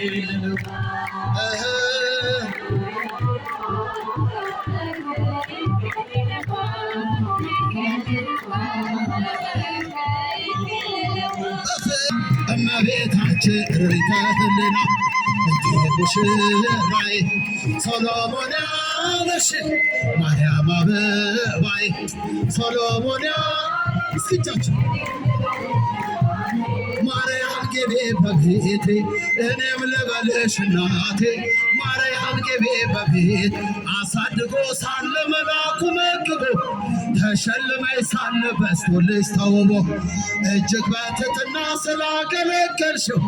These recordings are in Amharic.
sevdim. እመቤታችን ርሪተ ህልና እንዲህብሽ ላይ ሰሎሞን ያለሽ ማርያም አበባይ ሰሎሞን ያ እስኪ እጃችሁ ቅቤ በቤቴ እኔም ልበልሽ እናቴ ማርያም ቅቤ በቤት አሳድጎ ሳለ መላኩ መግቦ ተሸልመይ ሳለ በስቶልሽ ተውቦ እጅግ በትትና ስላገለገልሽው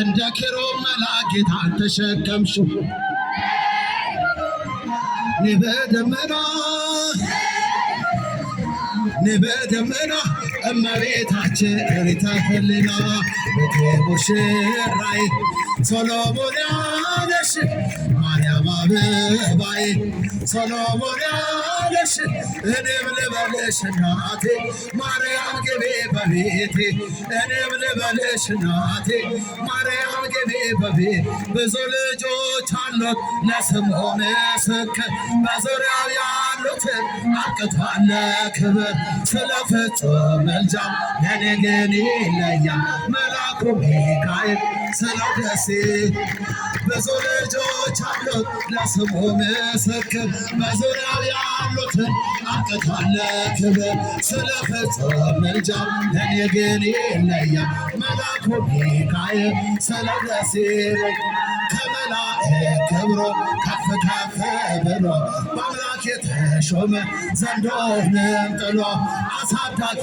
እንደ ኪሮ መላጌታ ተሸከምሽው ንበደመና ንበደመና እመቤታችን ሪታ ህሊና ሙሽራይ ሶሎሞን ያነሽ ማርያም አበባዬ ሰሎሞን ያለሽ እኔም ልበልሽ እናቴ ማርያም ግቤ በቤቴ እኔም ልበልሽ እናቴ ማርያም ግቤ በቤ ብዙ ልጆች አሉት ለስሙ ምስክር በዙሪያው ያሉትን አቅቷለ ክብር ስለ ፍጹም መልጃም ለኔ ግን ይለያል መልአኩ ሚካኤል ስራው ደሴ ብዙ ልጆች አሉት ለስሙ ምስክር በዙሪያው ያሉትን አቅታለ ክብር ስለ ፍጹም ምልጃው እኔ ግን ይለያል መላኩ ሚካኤል ስራው ደሴ ከመላእክት ክብሩ ከፍ ከፍ ብሎ የተሾመ ዘንዶንም ጥሎ አሳዳጊ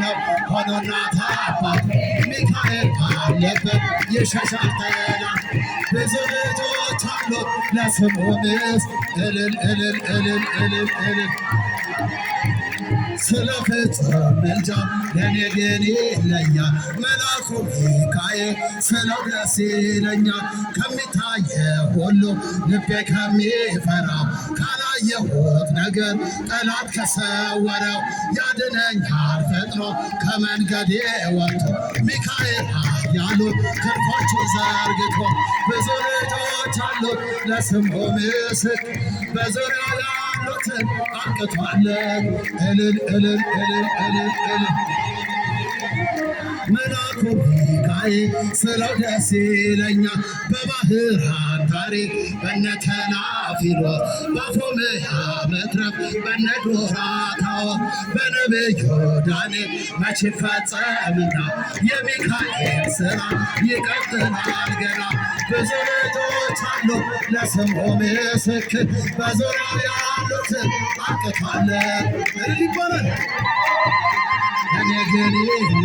ነው ሆኖና ታባት ሚካኤል አለበት ይሸሻል ተራ ብዙ ልጆች አሉት ለስሙ ምስ እልል እልል እልል እልል እልል ስለ ፍጹም ምልጃው ለኔ ግን ይለኛል መልአኩ ሚካኤል ስለው ደስ ይለኛል ከሚታየ ሁሉ ልቤ ከሚፈራው ካላየሁት ነገር ጠላት ከሰወረው ያድነኛል ፈጥኖ ከመንገዴ ወጥቶ ሚካኤል ያሉ ክንፎቹ ዘርግቶ ብዙ ልጆች አሉት ለስሙ ምስክ በዙሪያ حلوة عقد وعلاد هلل هلل هلل هلل هلل ሚካኤል ስለው ደስ ይለኛ በባህራን ታሪክ በነ ተናፊሮ በፎምያ መትረፍ በነ ዶራታወ በነብዩ ዳንኤል መች ፈጸምና የሚካኤል ስራ ይቀጥላል ገና ብዙ ልጆች አሉ ለስሙ ምስክር በዙሪያው ያሉትን አቅቷለ ይባላል። ነገር የለኛ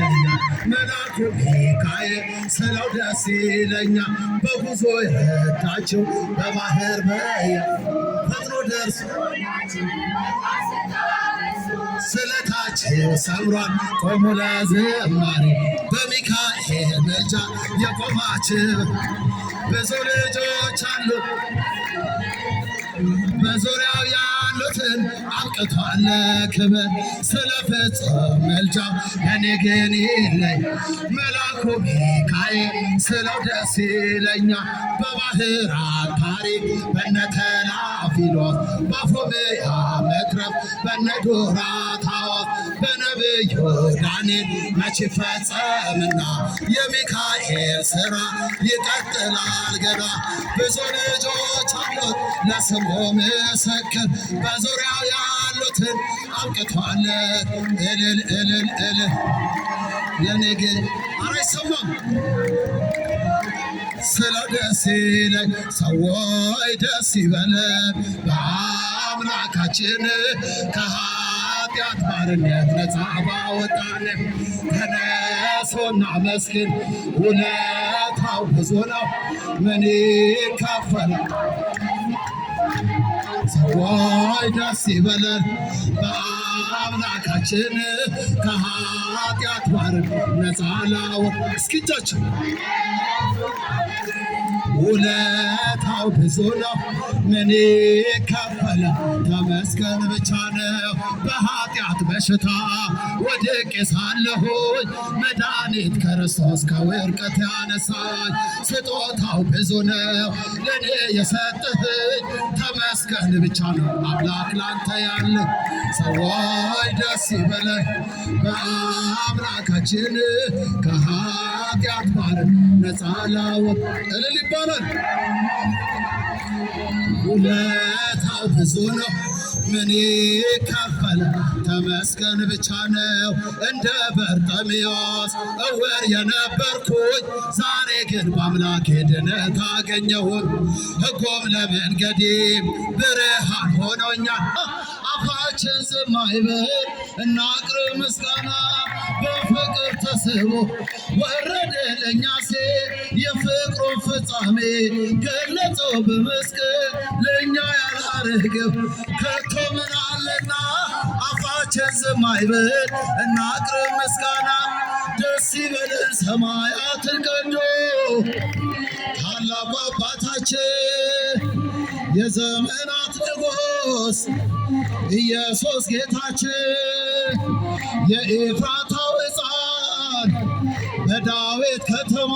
መልአኩ ሚካኤል ስለው ደስ ይለኛ በጉዞ የታቸው በባህር በያ ፈጥኖ ደርሶ ስለታች ሰምሯል ቆሞ ለዘማሪ! በሚካኤል ምልጃ የቆማች ብዙ ልጆች አሉ በዙሪያው ያ ሞትን አብቅቷል ክብር ስለፍጹም ምልጃው ለኔ ይለይ መላኩ ሚካኤል ስለው ደስ ይለኛ በባህር ታሪክ በነ ተናፊሎስ በፎብያ መትረፍ በነ ዶራ ታወት በነብዩ ዳንኤል መች ፈጸምና የሚካኤል ስራ ይቀጥላል ገና ብዙ ልጆች አሉት ለስሙ ምስክር በዙሪያው ያሉትን አብቅቷል። እልል እልል እልል የኔግ አይሰማም ስለ ደስ ይለኝ ሰዎች ደስ ይበለን በአምላካችን ከሃ ከኃጢአት ባርነት ተነሶና መስግን ውለታው ብዙ ነው ምን ይካፈላል? ሰዎች ደስ ይበለን በአምላካችን ከኃጢአት እስኪጃችን ውለታው ብዙ ነው ምን ይካፈላል? ተመስገን ብቻ ነው የኃጢአት በሽታ ወድቄ ሳለሁኝ መድኃኒት ክርስቶስ ከውድቀት ያነሳኝ ስጦታው ብዙ ነው ለእኔ የሰጥህኝ ተመስገን ብቻ ነው አምላክ ላንተ ያለ ሰዋይ ደስ ይበለን በአምላካችን ከኃጢአት ባርን ነፃ ላወጥ እልል ይባላል ውለታው ብዙ ነው ምን ይከፈል ተመስገን ብቻ ነው። እንደ በርጤሜዎስ እውር የነበርኩኝ ዛሬ ግን በአምላኬ ድነት አገኘሁኝ። ሕጉም ለመንገዴም ብርሃን ሆኖኛል። አፋችን ዝም አይበል፣ እናቅርብ ምስጋና ተስቦ ወረደ ሴ የፍቅሮ ፍጻሜ ገለጸው በመስቀል ለእኛ ያላረገው ከቶ ምን አለና አፋችን ዝም አይበል እናቅርብ ምስጋና ደስ ይበለን ሰማያትን ቀዶ ታላቁ አባታችን የዘመናት ንጉስ! ኢየሱስ ጌታችን የኤፍራት ከዳዊት ከተማ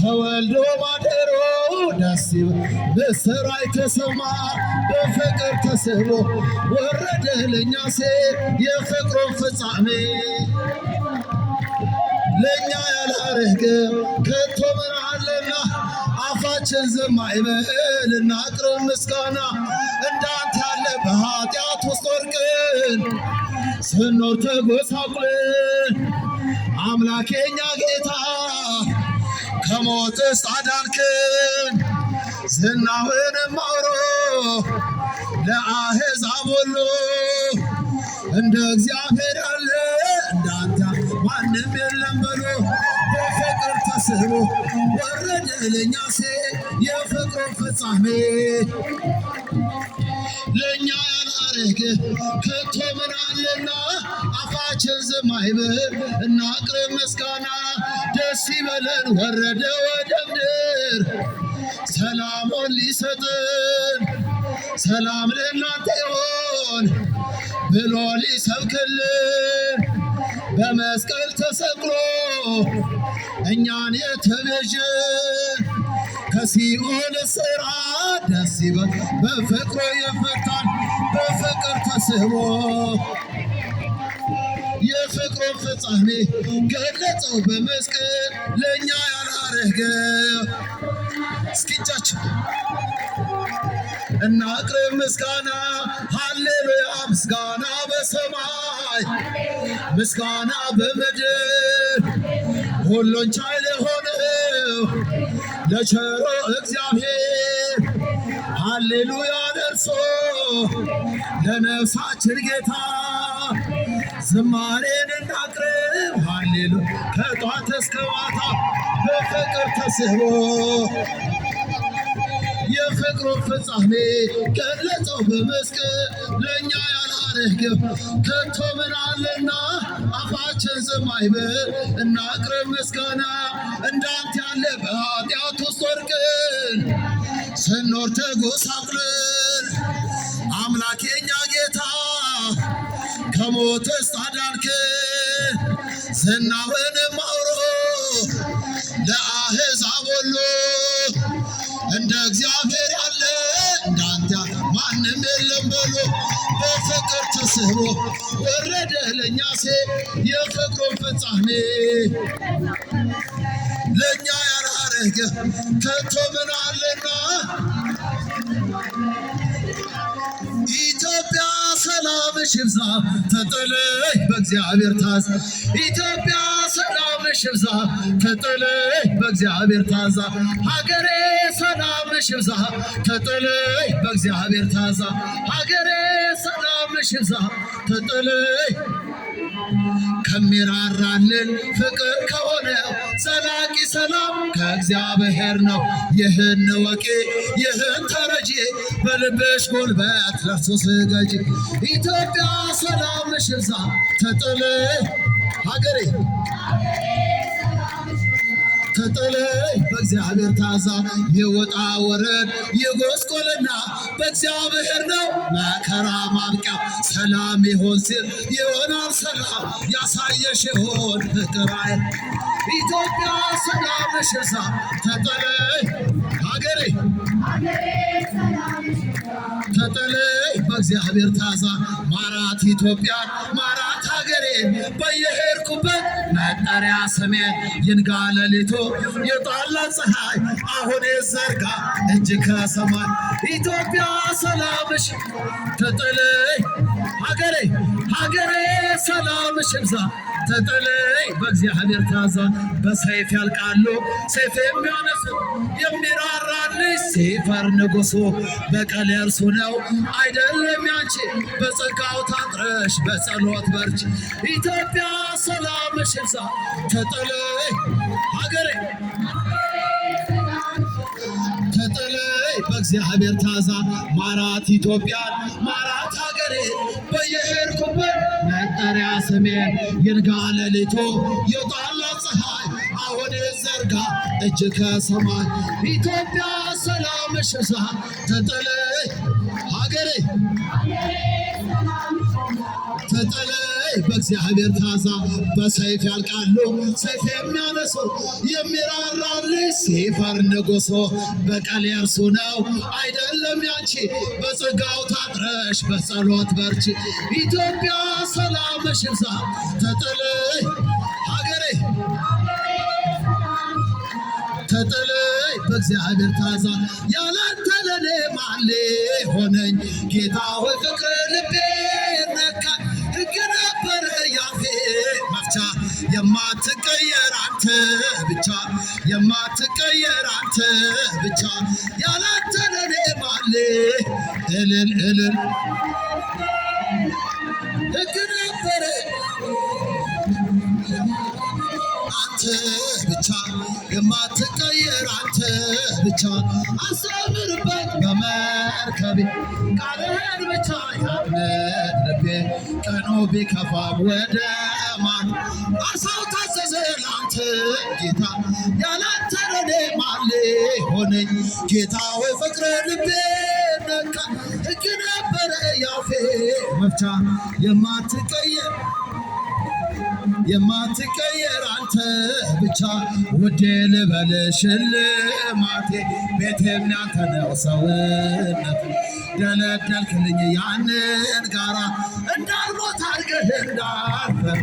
ተወልዶ ማደሮ ደስ በሰራይ ተሰማ በፍቅር ተስቦ ወረደ ለእኛ ሴት የፍቅሩን ፍጻሜ ለእኛ ያላረግም ከቶ ምን አለና አፋችን ዝም አይበል እናቅርብ ምስጋና እንዳንተ ያለ በኃጢአት ውስጥ ወርቅን ስኖር ተጎሳቁልን አምላኬኛ የኛ ጌታ ከሞትስ አዳንክን ዝናህን ማውሮ ለአሕዛብ ሁሉ እንደ እግዚአብሔር ያለ እንዳንተ ማንም የለም በሉ በፍቅር ተስቦ ወረደ ሴ የፍቅሩ ፍጻሜ ለእኛ ታሪክ ከቶ ምን አለና አፋችን ዝም አይበል እናቅርብ ምስጋና ደስ ይበለን ወረደ ወደ ምድር ሰላሙን ሊሰጥን ሰላም ለእናንተ ይሆን ብሎ ሊሰብክልን በመስቀል ተሰቅሎ እኛን የተቤዥን ከሲኦል ስራ ደስ ይበል በፍቅሩ ይፈታል በፍቅር ተስቦ የፍቅሩን ፍጻሜ ገለጸው በመስቀል ለእኛ ያላረገ እስኪጃቸው እና አቅርብ ምስጋና ሃሌሉያ ምስጋና በሰማይ ምስጋና በምድር ሁሉን ቻይ ለሆነ ለቸሮ እግዚአብሔር ሃሌሉያ ደርሶ ለነፍሳችን ጌታ ዝማሬን እናቅርብ። ሃሌሉ ከጧት እስከ ማታ በፍቅር ተስቦ የፍቅሩ ፍጻሜ ገለጸው በመስቀል ለእኛ የምግባርህ ግብ ከቶ ምናለና አፋችን ዝም አይበል። እናቅርብ ምስጋና እንዳንተ ያለ በኃጢአት ውስጥ ወርቅን ስኖር ተጎሳቁልን። አምላኬኛ ጌታ ከሞት ውስጥ ዝናህን አውሮ ሁሉ አድርጎ ወረደ ሴ የፍቅሩን ፍጻሜ ለእኛ ያላረገ ከቶ ኢትዮጵያ ሰላምሽ ይብዛ ተጥለይ በእግዚአብሔር ታዛ ኢትዮጵያ ሰላምሽ ይብዛ ተጥለይ በእግዚአብሔር ታዛ ሀገሬ ሰላምሽ ይብዛ ተጥለይ በእግዚአብሔር ታዛ ሀገሬ ሰላምሽ ይብዛ ተጥለይ ከሚራራልን ፍቅር ከሆነው ዘላቂ ሰላም ከእግዚአብሔር ነው። ይህን ወቂ፣ ይህን ተረጂ፣ በልብሽ ጉልበት ለሱ ስገጂ። ኢትዮጵያ ሰላምሽ ይብዛ ተጥል ሀገሬ ተጠለይ በእግዚአብሔር ታዛ የወጣ ወረድ የጎስቆልና በእግዚአብሔር ነው መከራ ማብቂያ ሰላም ይሆን ሲል ይሆናል ሰላም ያሳየሽ ይሆን ፍቅራይ ኢትዮጵያ ሰላም ሽሳ ተጠለይ ሀገሬ ተጠለይ በእግዚአብሔር ታዛ ማራት ኢትዮጵያ ማራት ሀገሬ በየሄድኩበት መጠሪያ ስሜ ይንጋ ሌሊቱ የጣላ ፀሐይ አሁን የዘርጋ እጅ ከሰማይ ኢትዮጵያ ሰላምሽ ትጥልይ ሀገሬ ሀገሬ ሰላም ሽብዛ ተጠለይ በእግዚአብሔር ታዛ በሰይፍ ያልቃሉ ሰይፍ የሚያነሱ የሚራራልሽ ሲፈር ንጉሱ በቀል የእርሱ ነው አይደለም ያንቺ በጸጋው ታጥረሽ በጸሎት በርች ኢትዮጵያ ሰላም ሽብዛ ተጠለይ ሀገሬ ተጠለይ በእግዚአብሔር ታዛ ማራት ኢትዮጵያን ማራት ሀገሬ በየሄድኩበት መጠሪያ ስሜ ይርጋ ሌሊቱ የጣላ ፀሐይ አሁን ዘርጋ እጅ ከሰማይ ኢትዮጵያ ሰላም ሽሳ ተጥል ሀገሬ በእግዚአብሔር ታዛ በሰይፍ ያልቃሉ። ሰይፍ የሚያነሱ የሚራራልህ ሴፈር ንጉሶ በቀል የእርሱ ነው አይደለም ያንቺ። በጸጋው ታጥረሽ በጸሎት በርች ኢትዮጵያ ሰላምሽ ይብዛ ተጥልይ ሀገሬ ተጥልይ በእግዚአብሔር ታዛ ያላንተ ለኔ ማሌ ሆነኝ ጌታ ሆይ ፍቅር ልቤ የማትቀየር አንተ ብቻ የማትቀየር አንተ ብቻ ያላንተ ለኔ እልል እልል ብቻ የማትቀየር አንተ ብቻ አሰምርበት በመርከቤ ቃልህን ብቻ ያምነት ልቤ ቀኑ ቢከፋም ወደ ማን አሳው ታዘዘ ለአንተ ጌታ ያላንተ ለኔ ማን ሊሆነኝ ጌታ ወይ ፍቅር ልቤ ነካ ሕግ ነበረ ያፌ መፍቻ የማትቀየር የማትቀየር አንተ ብቻ ውዴ ልበል ሽልማቴ ቤቴም ያንተ ነው ሰውነት ደለደልክልኝ ያንን ጋራ እንዳልሞት አድርገህ እንዳፈር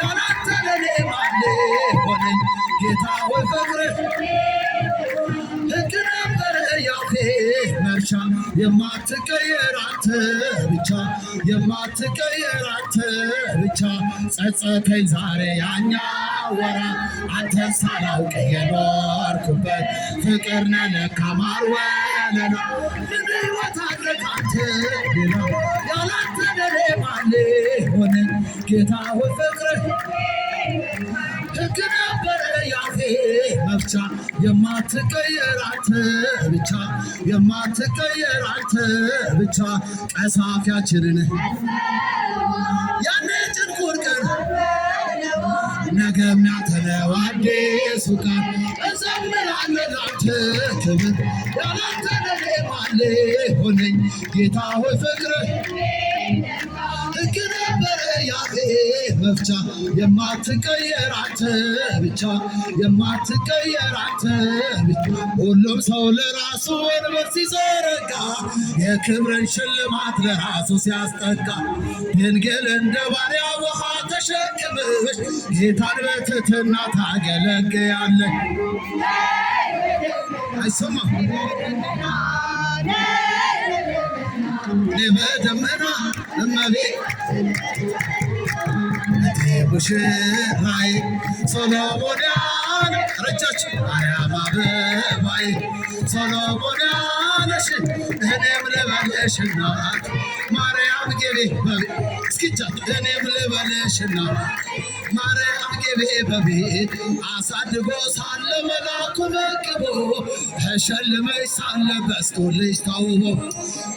ያላንተ ለኔ ማን ሆነኝ ጌታ ሆይ ፍቅርህ ብቻ የማትቀየር አንተ ብቻ የማትቀየር አንተ ብቻ ጸጸከኝ ዛሬ ያኛ ወራ አንተ ሳላውቅ የኖርኩበት ፍቅር ነነካ ማርወለና ህይወት አድረቃት ያላንተ ሆነ ጌታ ፍቅር ህግ ነበር መብቻ የማትቀየር አንተ ብቻ የማትቀየር አንተ ብቻ ቀሳፊያችንን ያኔ ጭንቁር ቀን ነገም ናተነው አዲሱ ቀን እዘምራለን አንተ ክብር ያላንተ ነሌማሌ ሆነኝ ጌታ ሆይ ፍቅር ህግ ነበረ ያፌ መፍቻ የማትቀየር አንተ ብቻ የማትቀየር አንተ ብቻ ሁሉም ሰው ለራሱ ወንበር ሲዘረጋ የክብርን ሽልማት ለራሱ ሲያስጠጋ ድንግል እንደ ባሪያ ውሃ ተሸክመሽ ጌታን በትትና ታገለግያለሽ። አይሰማም በደመና እመቤት ሙሽራይ ሶሎሞዳን ረጃች ማርያም አበባይ ሶሎሞዳነሽ እኔም ልበልሽ እናት ማርያም ጌቤ እስኪቻ እኔም ልበልሽ እናት በቤት አሳድጎ ሳለ መላኩ መቅቦ ተሸልመች ሳለ ልጅ ታውቦ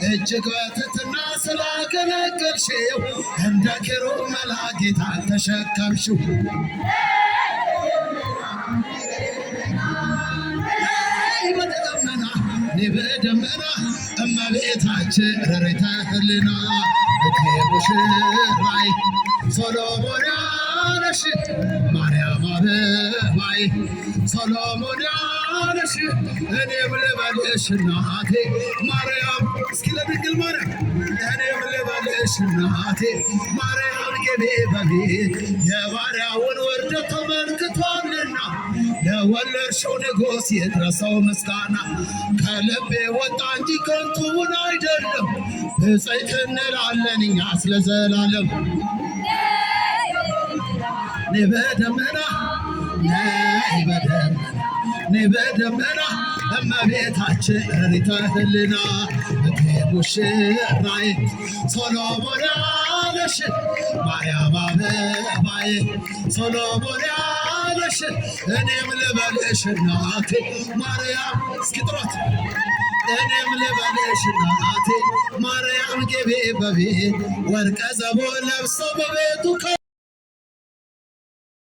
እጅግ በትትና ስላገለገልሽው እንደ ኪሩብ መልአክ ጌታን ተሸከምሽው። በደመና እመቤታችን ረሬተ ህልና ሙሽራይ ሶሎሞን ያለሽ ማርያም አበባዬ ሰሎሞን ያለሽ እኔም ልበልሽ እናቴ ማርያም እስኪ ለድንግል ማርያም እኔም ልበልሽ እናቴ ማርያም ገቤ በቤት የባሪያውን ውርደት ተመልክቷልና ለወለድሽው ንጉሥ የድረሰው ምስጋና ከልቤ ወጣ እንጂ ከንቱውን አይደለም ብፅዕት እንላለን እኛ ስለዘላለም ነይ በደመና ነይ በደመና ነይ በደመና እመቤታችን ሪተህልና እቴ ሙሽራዬ ሶሎሞን ያለሽ ማርያም አበባዬ ሶሎሞን ያለሽ እኔም ልበልሽ እናቴ ማርያም እስኪጥሯት እኔም ልበልሽ እናቴ ማርያም ግቢ በቤት ወርቀ ዘቦ ለብሶ በቤቱ